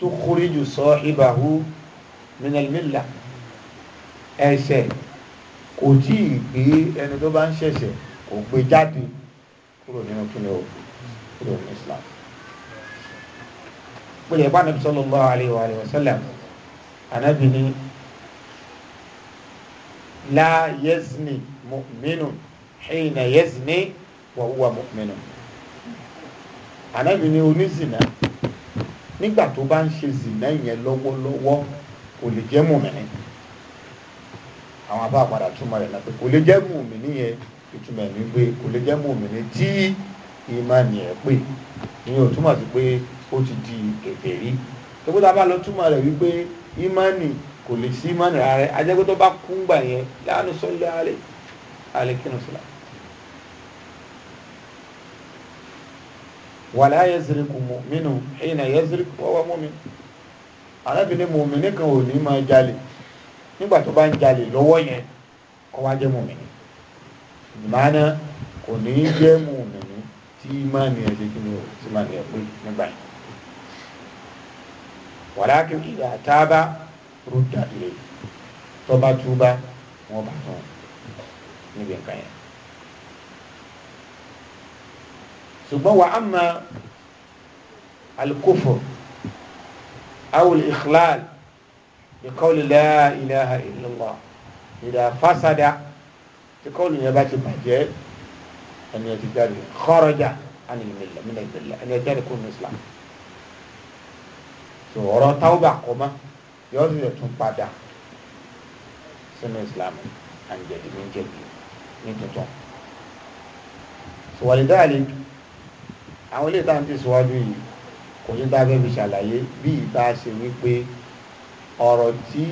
tukhriju sahibahu min al-millah ẹ̀ṣẹ̀ kò tí ì gbé ẹni tó bá ń ṣẹ̀ṣẹ̀ kò gbé jáde kúrò nínú kí ni o kúrò ní Islam pèlè bá nàbí sallallahu alayhi wa sallam anábì ní la yazni mu'minun hina yazni wa huwa mu'minun anábì ní onízìnà nígbà tó bá ń ṣe zìnà yẹn lọ́wọ́lọ́wọ́ kò lè jẹ́ mùmínì àwọn afá padà túmọ̀ rẹ̀ náà pé kò lè jẹ́ mùmíní yẹn ìtumọ̀ ní pé kò lè jẹ́ mùmíní tí ìmánì ẹ̀ pé ìyẹn ò túmọ̀ sí pé ó ti di kèfèrí tó kó tá a bá lọ túmọ̀ rẹ̀ wípé ìmánì kò lè sí ìmánì rárẹ̀ ajẹ́gbẹ́ tó bá kú gbà yẹn láàánú sọ́lé alẹ́ alẹ́ kí wàlá yẹsìrìkù mọ́mínú ẹ̀yìn náà yẹsìrìkù wọ́wọ́ mọ́mínú arábìnrin mọ́mínú kan ò ní máa jalè nígbà tó bá ń jalè lọ́wọ́ yẹn kó wá jẹ́ mùmìnì ìmánà kò ní í jẹ́ mùmìnì tí ìmánì ẹ̀ ṣe kí ni o tí ìmánì ẹ̀ pé nígbà yẹn wàlákì ìdá tábà rúdà ilé tọ́ba túbà wọ́n bá tán níbi nǹkan yẹn. ṣùgbọ́n wa amma al-kufr aw al ìkọlù la ilaha illallah ìdá fásádà ìkọlù yẹn bá ti bàjẹ́ ẹni ẹ ti jáde kharaja anil millah minal millah ẹni ẹ jáde kó ní islam tó ọ̀rọ̀ tawba kọ́má yọ ọ́ tún padà sínú islam àǹjẹ̀dì ní jẹ̀bi ní tuntun wàlídàálì àwọn ilé ìtàn ti síwájú yìí kò ní dábẹ́ fi ṣàlàyé bí ìta ṣe wípé ọ̀rọ̀ tí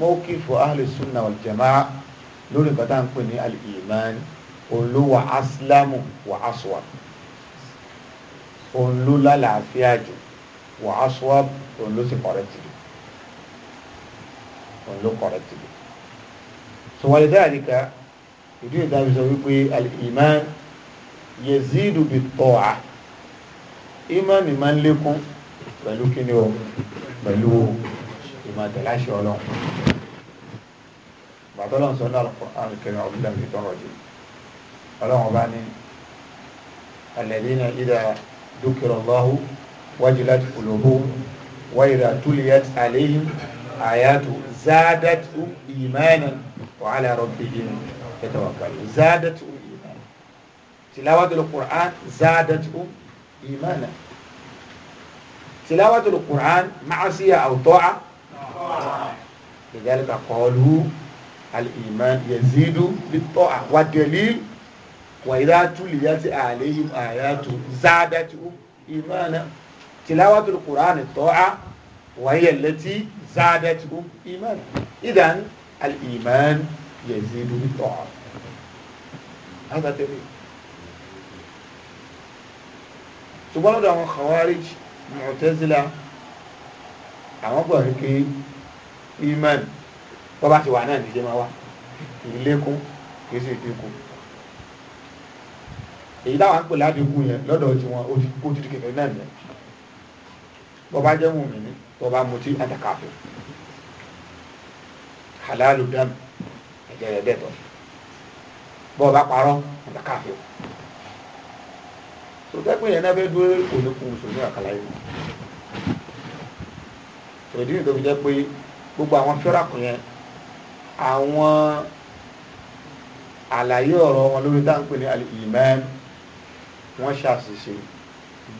mọ́kìfù ahli sunna wal jamaa lórí nǹkan tá à ń pè ní al-iman òun ló wà áṣílámù wà aswab òun ló lálàáfíà jù wà aswab òun ló sì kọ̀rẹ́tì jù òun kọ̀rẹ́tì jù. sọ wàlé dáadéka ìdí ìdájọ́ sọ wípé al-iman yazidu bit-ta'a ìmánì máa ń lékún pẹ̀lú kíni o pẹ̀lú o máa tẹ̀lé àṣẹ ọlọ́run bàtọ́lọ́n sọ náà Al-Qur'an Al-Karim ọdún lẹ́mí tó ń rọ̀jò ọlọ́run bá ní alladhina idha dhukira Allahu wajilat qulubuhum wa idha tuliyat alayhim ayatu zadatuhum imanan wa ala rabbihim yatawakkalun zadatuhum imanan tilawatul Qur'an zadatuhum imanan tilawatul Qur'an ma'asiya aw ta'a lidhalika qalu al-iman yazidu bit-ta'a wa dalil wa idha tuliyat alayhim ayatu zadatuhum imana tilawatul qur'ani ta'a wa hiya allati zadatuhum imana idan al-iman yazidu bit-ta'a هذا دليل ṣùgbọ́n lọ́dọ̀ àwọn khawarij mu'tazila àwọn gbọ́ wípé iman bọ́ bá ti wà náà nìjẹ́ máa wá kì í lékún kì í sì dínkù èyí táwọn ń pè ládínkù yẹn lọ́dọ̀ tí wọn ó ti di kékeré náà yẹn bọ́ bá jẹ́ mùmí ni bọ́ bá mutí àtàkàfẹ́ halalu dam ẹ̀jẹ̀ rẹ̀ dẹ̀tọ̀ bọ́ bá parọ́ àtàkàfẹ́ sọtẹ́pẹ́ yẹn náà fẹ́ dúró kò ní kú sùn ní àkàlà yìí tòdí nítorí jẹ́ pé gbogbo àwọn fẹ́ràkù yẹn àwọn àlàyé ọ̀rọ̀ wọn lórí dáńpé ní al-iman wọ́n ṣàṣìṣe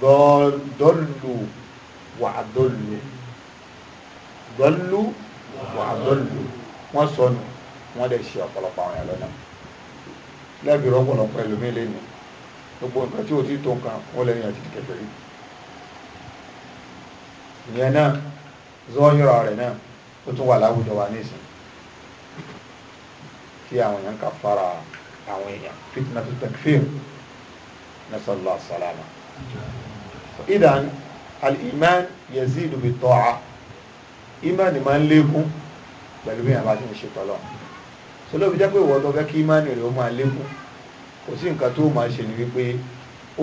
dọ́lù wà dọ́lù dọ́lù wà dọ́lù wọ́n sọnù wọ́n lè ṣe ọ̀pọ̀lọpọ̀ àwọn ẹ̀rọ náà lẹ́bi rọ́pọ̀lọpọ̀ ẹlòmíì lẹ́nu gbogbo nǹkan tí o ti tó nǹkan wọ́n lẹ́yìn àti kẹfẹ́ rí ìyẹn náà zọ́ọ́yọ̀rọ̀ rẹ̀ náà ó tún wà láwùjọ wa nísìn kí àwọn èèyàn kà fara àwọn èèyàn fitna tó takfir nasallu asalama idan al-iman yazidu bi ta'a iman ni máa ń lékún pẹ̀lú bí àbá ti ń ṣe tọ́lọ́ sọlọ́bi jẹ́ pé ìwọ́n tó fẹ́ kí iman rẹ̀ ó máa lékún kò sí nǹkan tó máa ṣe ni wípé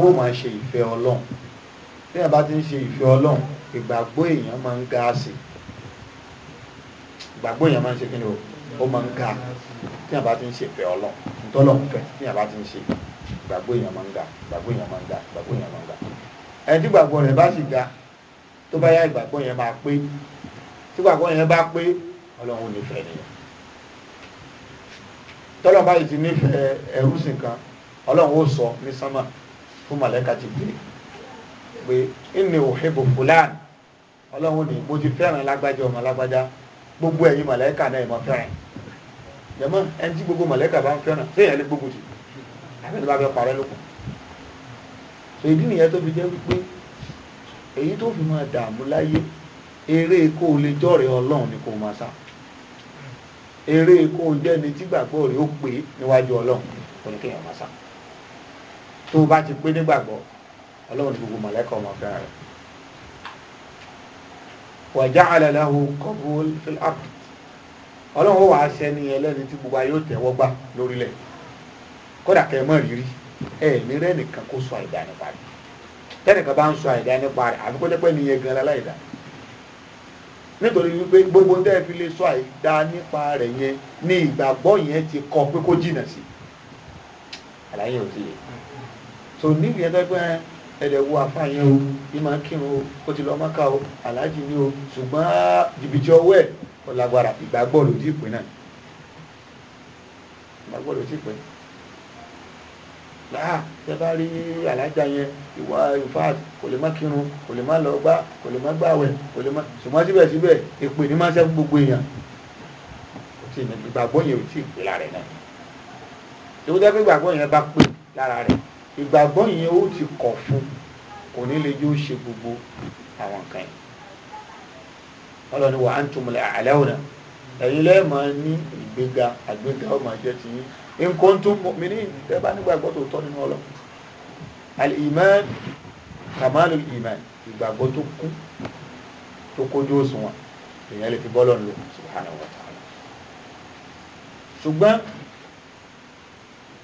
ó máa ṣe ìfẹ́ ọlọ́run bí àbá ti ń ṣe ìfẹ́ ọlọ́run ìgbàgbọ́ èèyàn máa ń ga sí i ìgbàgbọ́ èèyàn máa ń ṣe kí ni o ó máa ń ga tí yàrá ti ń ṣe ìfẹ́ ọlọ́ ntọ́lọ́ nfẹ́ tí yàrá ti ń ṣe ìgbàgbọ́ èèyàn máa ń ga ìgbàgbọ́ èèyàn máa ń ga ìgbàgbọ́ èèyàn máa ń ga ẹni tí ìgbàgbọ́ rẹ̀ bá sì ga tó bá yá ìgbàgbọ́ yẹn máa pé tí ìgbàgbọ́ yẹn bá pé ọlọ́run nífẹ̀ẹ́ nìyẹn tọ́lọ́ bá yìí ti nífẹ̀ẹ́ ẹrú sí kan ọlọ́run ó sọ ní sánmà fún màlẹ́kà ti pè pé ìnì òhèbò fúlàn ọlọ́run ò ní mo ti fẹ́ràn lágbájá ọmọ lágbájá gbogbo ẹ̀yin màláíkà náà ẹ máa fẹ́ràn jẹ̀mọ́ ẹni tí gbogbo màláíkà bá ń fẹ́ràn ṣé èèyàn lè gbógun tì àbí ẹni bá fẹ́ parẹ́ lókun so ìdí nìyẹn tó fi jẹ́ wípé èyí tó fi máa dààmú láyé eré kó o lè jọ́rẹ̀ẹ́ ọlọ́run ni kó o máa sá eré kó o jẹ́ ni tí gbàgbọ́ rẹ̀ ó pé níwájú ọlọ́run kò ní kéèyàn máa sá tó o bá ti pé nígbàgbọ́ ọlọ́run ni gbogbo màláíkà máa fẹ́ràn rẹ̀ wàjáàlẹ̀ lẹ́hùn kọ́bùl fìlàp ọlọ́run ó wàá ẹlẹ́ni tí gbogbo ayé ó tẹ̀wọ́ gbà lórílẹ̀ kódà kẹ́ ẹ mọ̀ rírí ẹ ní rẹ́ nìkan kó sọ àìdá nípa rẹ̀ bá ń sọ àìdá nípa rẹ̀ gbogbo fi lè sọ àìdá nípa yẹn ní ìgbàgbọ́ yẹn ti kọ pé kó jìnà sí àlàyé so ẹ̀dẹ̀ wo àfààyàn o ìmọ̀ kírun o ó ti lọ mọ́kà o aláàjì ni o ṣùgbọ́n jìbìtì ọwọ́ ẹ̀ ó lágbára ìgbàgbọ́ ló ti pè náà ìgbàgbọ́ ló ti pè láà tẹ bá rí alájà yẹn ìwà ìfáàt kò lè má kírun kò lè má lọ gbá kò lè má gbàwẹ̀ kò lè má ṣùgbọ́n síbẹ̀síbẹ̀ èpè ní máa gbogbo èèyàn kò tí ìgbàgbọ́ yẹn ò tí ì pè lára ẹ̀ náà ìgbàgbọ́ yẹn ó ti kọ̀ fún kò ní lè jó ṣe gbogbo àwọn nǹkan yẹn ọlọ́ni wa antum al-a'lawna ẹ̀yin lẹ́ẹ̀ máa ní ìgbéga àgbéga ọmọ àjẹ ti yín nǹkan tó mi ní ẹ bá nígbàgbọ́ tó tọ́ nínú ọlọ́ al-iman kamalul iman ìgbàgbọ́ tó kún tó kójú òṣùwọ̀n èèyàn lè fi bọ́lọ̀ lò subhanahu wa ta'ala ṣùgbọ́n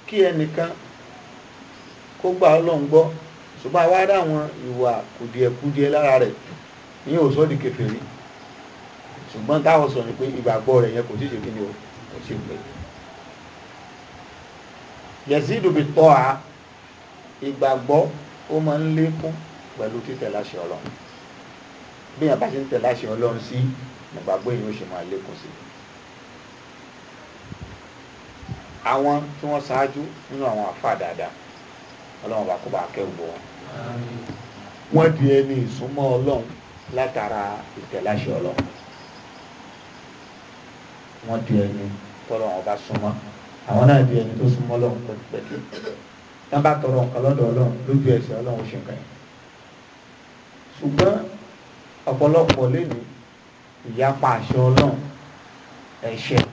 kí ẹnìkan kó gbà ọlọ́run gbọ́ ṣùgbọ́n àwa rà àwọn ìwà kùdìẹ̀kùdìẹ lára rẹ̀ ní òsó di kèfèrí ṣùgbọ́n táwọn sọ ni pé ìgbàgbọ́ rẹ̀ yẹn kò tí ì ṣe kí ni o kò ṣe pé yẹ̀sídù bí tọ́ a ìgbàgbọ́ ó máa ń lékún pẹ̀lú títẹ̀ láṣẹ ọlọ́run bí yàrá bá ṣe láṣẹ ọlọ́run sí ìgbàgbọ́ yìí ó ṣe máa lékún sí àwọn tí wọ́n ṣáájú nínú àwọn àfa dáadáa ọlọ́run bá kó bá kẹ́ ògbó wọn. wọ́n di ẹni ìsúnmọ́ ọlọ́run látara ìtẹ̀láṣẹ ọlọ́run wọ́n di ẹni tọ́lọ́run bá súnmọ́ àwọn náà di ẹni tó súnmọ́ ọlọ́run pẹ̀lú tán tọrọ nǹkan lọ́dọ̀ ọlọ́run lójú ẹsẹ̀ ọlọ́run ṣe nǹkan yẹn ṣùgbọ́n ọ̀pọ̀lọpọ̀ lẹ́nu ìyapa àṣẹ ọlọ́run ẹ̀ṣẹ̀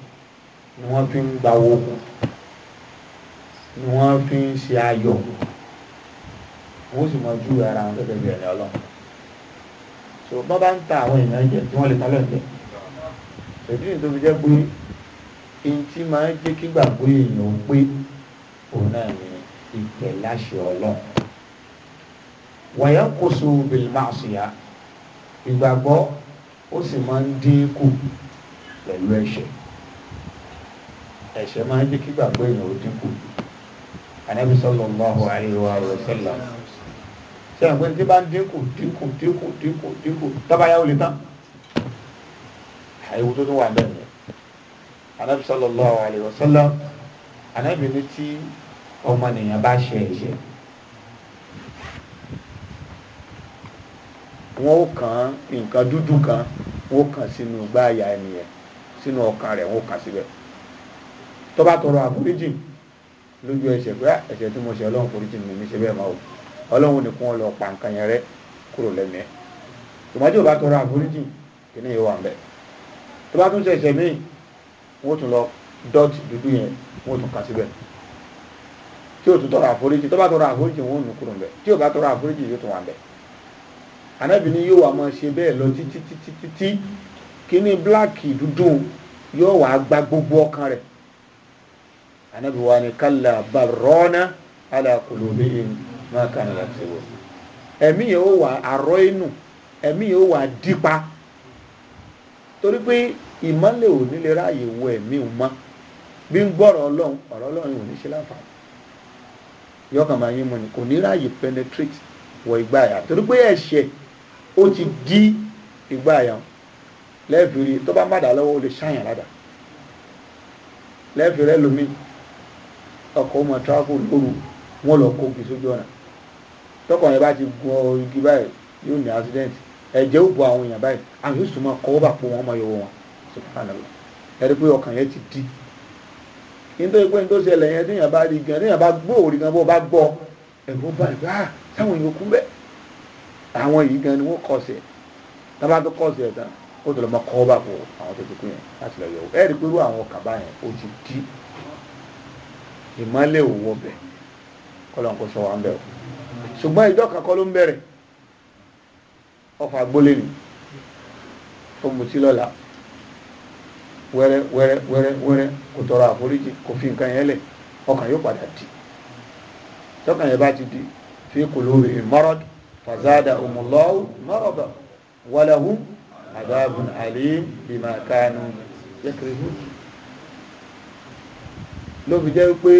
ni wọ́n fi ń gba owó ni wọ́n fi ń ṣe ayọ̀ wọ́n sì mọ ju ara wọn gẹ́gẹ́ bí ẹni ọlọ́run so bọ́n bá ń ta àwọn èèyàn jẹ tí wọ́n lè tọ́lẹ̀ jẹ èdè ní tó fi jẹ́ pé èyí tí máa ń jẹ́ kígbàgbọ́ èèyàn ó pé òun náà ni ìtẹ̀láṣẹ ọlọ́run wọ̀nyẹn kò so bèlmáṣíà ìgbàgbọ́ ó sì máa ń dín kù pẹ̀lú ẹ̀ṣẹ̀ ẹ̀ṣẹ̀ máa ń jẹ́ kígbàgbọ́ èèyàn ó dín kù anabi sallallahu alayhi wa sallam ṣe àwọn ẹni tí bá ń dínkù dínkù dínkù dínkù dínkù dábàáyá ò lè tán àìwò tó tún wà bẹ́ẹ̀ ni anabi sallallahu alayhi wa sallam anabi ni tí ọmọnìyàn bá ṣe ẹ̀ṣẹ̀ wọn ó kàn nǹkan dúdú kan wọn ó kàn sínú gbáàyà ẹnìyẹn sínú ọkàn rẹ̀ wọn ó kàn síbẹ̀ tó bá tọrọ àforíjì lójú ẹ̀ṣẹ̀ pé ah, ẹ̀ṣẹ̀ tí mo ṣe Ọlọ́run foríjì mi mi ṣe máa wò ọlọ́run nìkan wọn lọ pa nǹkan yẹn rẹ kúrò lẹ́mìí tòmátì ò bá tọrọ àforíjì kìíní yìí wà ń bẹ̀ tó bá tún ṣẹ̀ṣẹ̀ míì wọ́n tún lọ dọ́t dúdú yẹn wọ́n tún kà síbẹ̀ tí o tún tọrọ àforíjì tó bá tọrọ àforíjì wọ́n nù kúrò ń bẹ̀ tí o bá tọrọ àforíjì yóò tún wà ń bẹ̀ Ànábì ni yóò wá máa ṣe bẹ́ẹ̀ lọ títí títí bíláàkì dúdú yóò wá gba gbogbo ọkàn rẹ̀ Ànábì wa ni kálá bàrọ́nà alákòlóbìnrin máa kàn ní láti wọ ẹ̀mí yẹn ó wà àrọ́ inú ẹ̀mí yẹn ó wà dípa torí pé ìmọ́lẹ̀ ò ní lè ráàyè wọ ẹ̀mí ò mọ́ bí ń gbọ́rọ̀ ọlọ́run ọ̀rọ̀ ọlọ́run ò ní ṣe láǹfààní yọkàn máa yín mu ni kò ní ráàyè penetrate wọ ìgbà àyà torí pé ẹ̀ṣẹ̀ ó ti di ìgbà àyà lẹ́ẹ̀fìrí tó bá má dà lọ́wọ́ ó lè ṣàyàn ládàá lẹ́ẹ̀fìrí ẹlòmíì ọkọ̀ ọmọ tíráfù lóru wọn lọ kó gbèsè ojú ọ̀nà tọkàn yẹn bá ti gun igi báyìí yóò ní accident ẹ̀jẹ̀ ó bọ àwọn èèyàn báyìí àwọn yóò sùn máa kọ́ bá po wọn máa yọ wọn subhanallah ẹ̀rí pé ọkàn yẹn ti di nítorí pé nítorí ṣẹlẹ̀ yẹn téèyàn bá rí gan téèyàn bá gbọ́ òòrì gan bó bá gbọ́ ẹ̀rọ bá rí bá ah, sáwọn èèyàn kú bẹ́ẹ̀ àwọn yìí gan ni wọ́n kọ̀ sí tábà tó kọ̀ sí tán ó tọ̀lọ̀ máa kọ́ bá po àwọn tó ti kú yẹn láti lọ yọ ẹ̀rí pé irú àwọn ọkà báyẹn ó ṣùgbọ́n ìjọ kan kọ́ ló ń bẹ̀rẹ̀ ọfà gbólé ni ó mutí lọ́la wẹ́rẹ́ wẹ́rẹ́ wẹ́rẹ́ wẹ́rẹ́ kò tọrọ àforíjì kò fi nǹkan yẹn lẹ̀ ọkàn yóò padà di tọkàn yẹn bá ti di fi kòlóore mọ́rọ́dù fàzádà òmùlọ́wù mọ́rọ́dù wàlàhùn àdáàbùn àlìm bìmà kánú yẹkẹrẹhù ló fi jẹ́ pé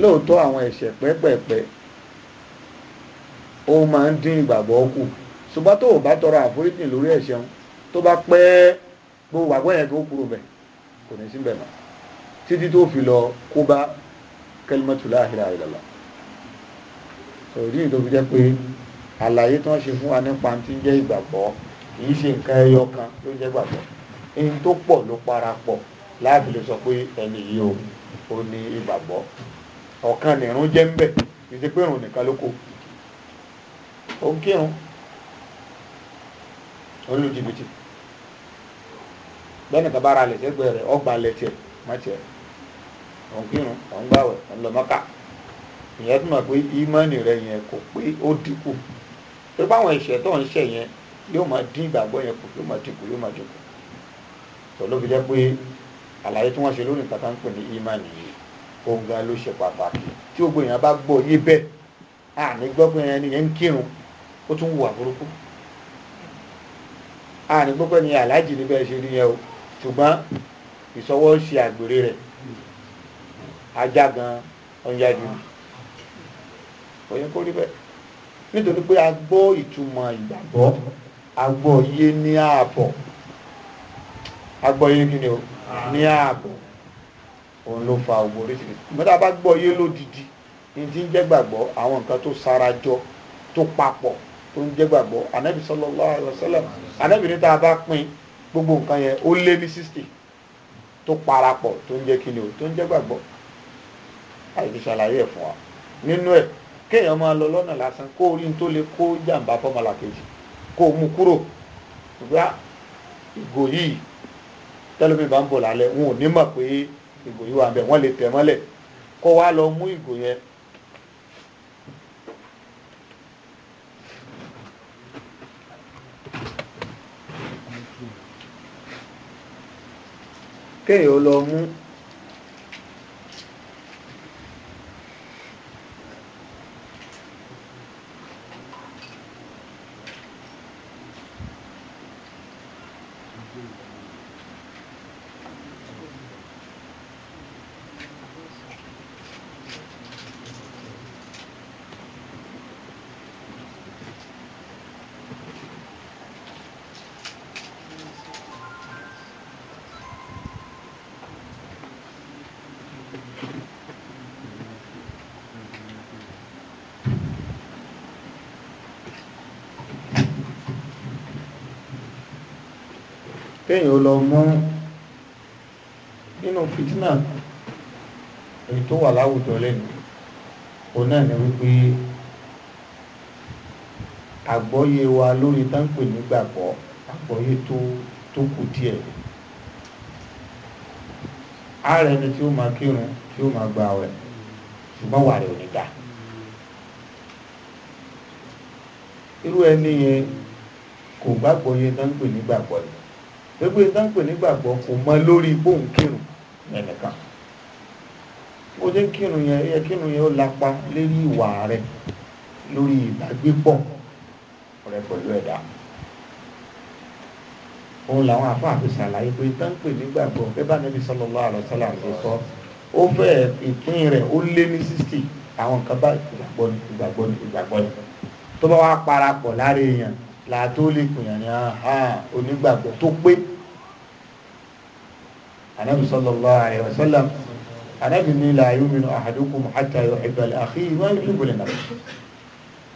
lóòótọ́ àwọn ẹ̀ṣẹ̀ pẹ́pẹ́pẹ́ ó máa ń dín ìgbàgbọ́ kù ṣùgbọ́n tó o bá tọrọ àforíjì lórí ẹ̀ṣẹ̀ wọn tó bá pẹ́ gbogbo gbàgbọ́ yẹn kó kúrò bẹ̀ kò ní síbẹ̀ mọ́ títí tó fi lọ kó bá kalimatu la ilaha illallah sọ̀rọ̀ yìí tó fi jẹ́ pé àlàyé tó ń ṣe fún wa nípa ti ń jẹ́ ìgbàgbọ́ kì í ṣe nǹkan ẹyọ kan ló jẹ́ gbàgbọ́ ẹni tó pọ̀ ló parapọ̀ láàbì lè sọ pé ẹni yìí ò ní ìgbàgbọ́ ọ̀kan nìrún jẹ́ ń bẹ̀ kì pé ìrùn nìkan ló kó ó ń kírun olú jìbìtì bẹ́ẹ̀ nìkan bára lẹ̀ sẹ́gbẹ̀ẹ́ rẹ̀ ọgbà lẹ̀ tiẹ̀ má tiẹ̀ ó ń kírun ó ń gbàwẹ̀ ó ń lọ Mọ́kà ìyẹn tó mọ̀ pé ìmọ̀nì rẹ̀ yẹn kò pé ó dínkù tó bá àwọn ìṣẹ̀ tó ń ṣẹ̀ yẹn yóò máa dín ìgbàgbọ́ yẹn kù yóò máa dínkù yóò máa dínkù tó ló fi jẹ́ pé àlàyé tí wọ́n ṣe lónìí kàtà ń pè ní ìmọ̀nì yìí ohun gan ló ṣe pàtàkì tí gbogbo èèyàn bá gbọ́ yé bẹ́ẹ̀ à gbọ́ pé ẹni yẹn ń kírun ó tún wù àbúrúkú àní gbogbo ni aláàjì níbẹ̀ ṣe rí yẹn o ṣùgbọ́n ìsọwọ́ ṣe àgbèrè rẹ̀ ajá gan ọ̀nyájú kò yẹ kó rí bẹ́ẹ̀ nítorí pé a gbọ́ ìtumọ̀ ìgbàgbọ́ a gbọ́ yé ní ààbọ̀ a gbọ́ yé kí ni o ní ààbọ̀ òun ló fa ògbó oríṣiríṣi mọ́tà bá gbọ́ yé lódidi ní ti ń jẹ́ gbàgbọ́ àwọn nǹkan tó sarajọ tó papọ̀ tó ń jẹ́ gbàgbọ́ anabi sallallahu alaihi wasallam anabi ní tá a bá pin gbogbo nǹkan yẹn ó lé ní sixty tó parapọ̀ tó ń jẹ́ o tó ń jẹ́ gbàgbọ́ àìfi ṣàlàyé ẹ̀ fún wa nínú ẹ̀ kéèyàn máa lọ lọ́nà lásán kó orí tó lè kó jàǹbá fọ́mọlà kejì kó mú kúrò ìgbà ìgò yìí tẹ́lómi bá ń bọ̀ lálẹ́ wọn ò ní mọ̀ pé ìgò yìí wà bẹ̀ wọ́n lè tẹ̀ mọ́lẹ̀ kó wá lọ kéèyàn lọ mú kéèyàn ó lọ nínú fìtínà èyí tó wà láwùjọ lẹ́nu òun náà ni wípé àgbọ́yé wa lórí táǹpè nígbàgbọ́ àgbọ́yé tó tó kù díẹ̀ ààrẹ ni tí ó máa kírun tí ó máa gba àwẹ̀ ṣùgbọ́n wà rẹ̀ ò ní dá irú ẹni yẹn kò gbàgbọ́yé táǹpè nígbàgbọ́ yìí gbogbo ìtàn pè nígbàgbọ́ kò mọ lórí bóun kírun ẹnìkan ó dé kírun yẹn yẹ kírun yẹn ó lapa lérí ìwà rẹ lórí ìbágbépọ̀ rẹ pẹ̀lú ẹ̀dá òun làwọn afáàfi ṣàlàyé pé ìtàn pè nígbàgbọ́ bẹ́ẹ̀ bá Nábì sallallahu alaihi wasallam tó sọ ó fẹ́ ìpín rẹ̀ ó lé ní sixty àwọn nǹkan bá ìgbàgbọ́ ni ìgbàgbọ́ ni ìgbàgbọ́ ni tó bá wàá parapọ̀ lára èèyàn làá tó lè pèèyàn ní onígbàgbọ́ tó pé anabi sallallahu alayhi wa sallam anabi ni la yuminu ahadukum hatta yuhibba li akhihi ma yuhibbu li nafsihi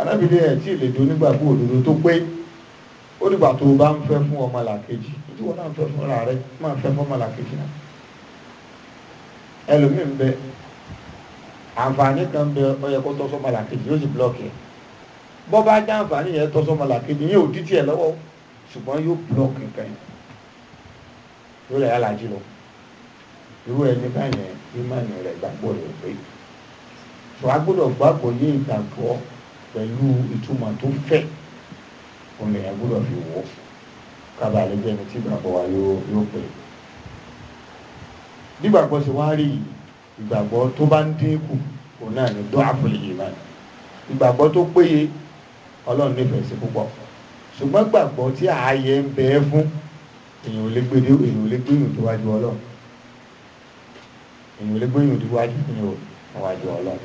anabi ni ẹ̀ tí ì lè do nígbà kú òdodo tó pé ó dìgbà tó o bá ń fẹ́ fún ọmọ làkejì tí wọn náà fẹ́ fún ara rẹ máa fẹ́ fún ọmọ làkejì náà ẹlòmíín bẹ àǹfààní kan bẹ ọyẹ kó tọ́ sọmọ làkejì yóò sì blọọkì ẹ bọ́ bá já àǹfààní yẹn tọ́ sọmọ làkejì yóò dí tiẹ̀ lọ́wọ́ ṣùgbọ́n yóò blọọkì kan yóò lẹ̀ yá làjí lọ irú ẹni báyẹn ìmọ̀nì rẹ̀ gbàgbọ́ rẹ̀ pé tó a gbọ́dọ̀ gbàgbọ́ yé ìgbàgbọ́ pẹ̀lú ìtumọ̀ tó fẹ̀ òun èèyàn gbọ́dọ̀ fi wò ó kábàlẹ̀ jẹ́ ẹni tí ìgbàgbọ́ wa yóò pè é nígbàgbọ́ sí wá rí ìgbàgbọ́ tó bá ń dínkù òun náà ní dọ́àfùlì ìmọ̀nì ìgbàgbọ́ tó péye ọlọ́run nífẹ̀ẹ́ sí púpọ̀ ṣùgbọ́n gbàgbọ́ tí ààyè ń bẹ fún èèyàn ò lè gbé èèyàn ò lè gbé èèyàn tó wájú ọlọ́run èyàn lè gbóyìn òdiwájú ní o níwájú ọlọ́run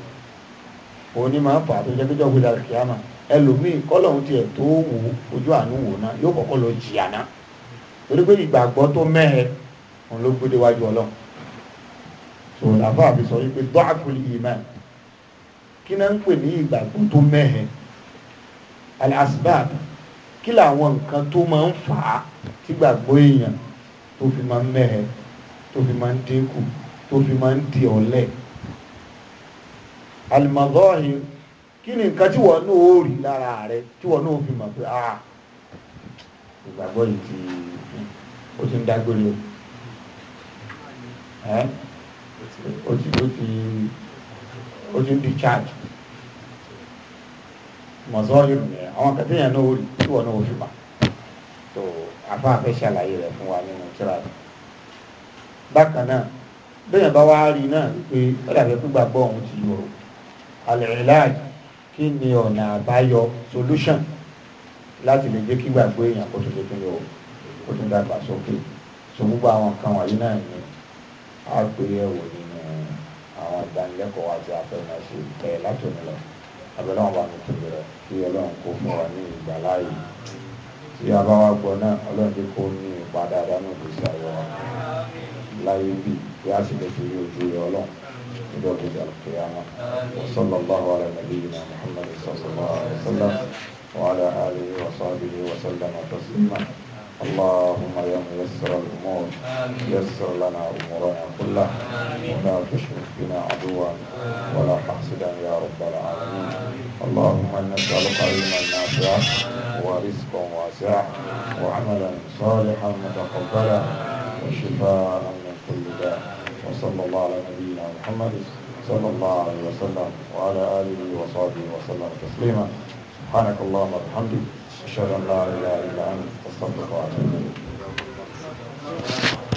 òun ni máa ń fà á tó jẹ́ péjọ́ gbéra rẹ̀ kíámà ẹlòmíì kọ́lọ́hún tiẹ̀ tó wò ojú àánú wò náà yóò kọ́kọ́ lọ jìyà náà torí pé ìgbàgbọ́ tó mẹ́ẹ̀ òun ló gbé déwájú ọlọ́run tó làbá àfi sọ wípé dọ́àkùn ìmọ̀ kí náà ń pè ní ìgbàgbọ́ tó mẹ́ẹ̀ alasbab kí làwọn nǹkan tó máa ń fà á tí gbàgbọ́ èèyàn tó fi máa ń mẹ́ẹ̀ tó fi máa ń dínkù tó fi máa ń di ọ̀lẹ alimadọ́hìn kí ni nǹkan tí wọ́n náà ó rí lára rẹ tí wọ́n náà ó fi mọ̀ pé ah ìgbàgbọ́ yìí ti ó ti ń dágbére o ẹ́ ó ti ó ti ó ti ń di charge mọ̀sọ́ọ̀yìn rẹ̀ àwọn kẹtẹ́ yẹn náà ó rí tí wọ́n náà ó fi mọ̀ tó afáfẹ́ ṣàlàyé rẹ̀ fún wa nínú tíra bákan náà bẹ́yàn bá wá rí náà wípé ọ̀dàbẹ̀ gbígbàgbọ́ òun ti yòrò alẹ́rìnláàj kí ni ọ̀nà àbáyọ solution láti lè jẹ́ kí gbàgbọ́ èèyàn kó tó tuntun yọ kó tó dàgbà sókè so gbogbo àwọn nǹkan wọ̀nyí náà ni a gbé yẹ̀wò nínú àwọn ìdánilẹ́kọ̀ọ́ àti àfẹ́mọ̀ ṣe tẹ̀ láti òní lọ abẹ́lẹ́ wọn bá mi tó bẹ̀rẹ̀ kí ọlọ́run kó fún wa ní ìgbàláyè tí a bá wá gbọ́ náà ọlọ́run jẹ́ ní ìpadà dánú ìgbésí ayé wa. لا bí yá sì lè fi ojú rẹ القيامة وصلى الله على نبينا محمد صلى الله عليه وسلم وعلى آله وصحبه وسلم تسليما اللهم يا ميسر الأمور يسر لنا أمورنا كلها ولا تشرك بنا عدوا ولا حاسدا يا رب العالمين اللهم إنا نسألك علما نافعا ورزقا واسعا وعملا صالحا متقبلا وشفاء كل وصلى الله على نبينا محمد صلى الله عليه وسلم وعلى آله وصحبه وسلم تسليما سبحانك اللهم وبحمدك أشهد أن لا إله إلا أنت أستغفرك وأتوب إليك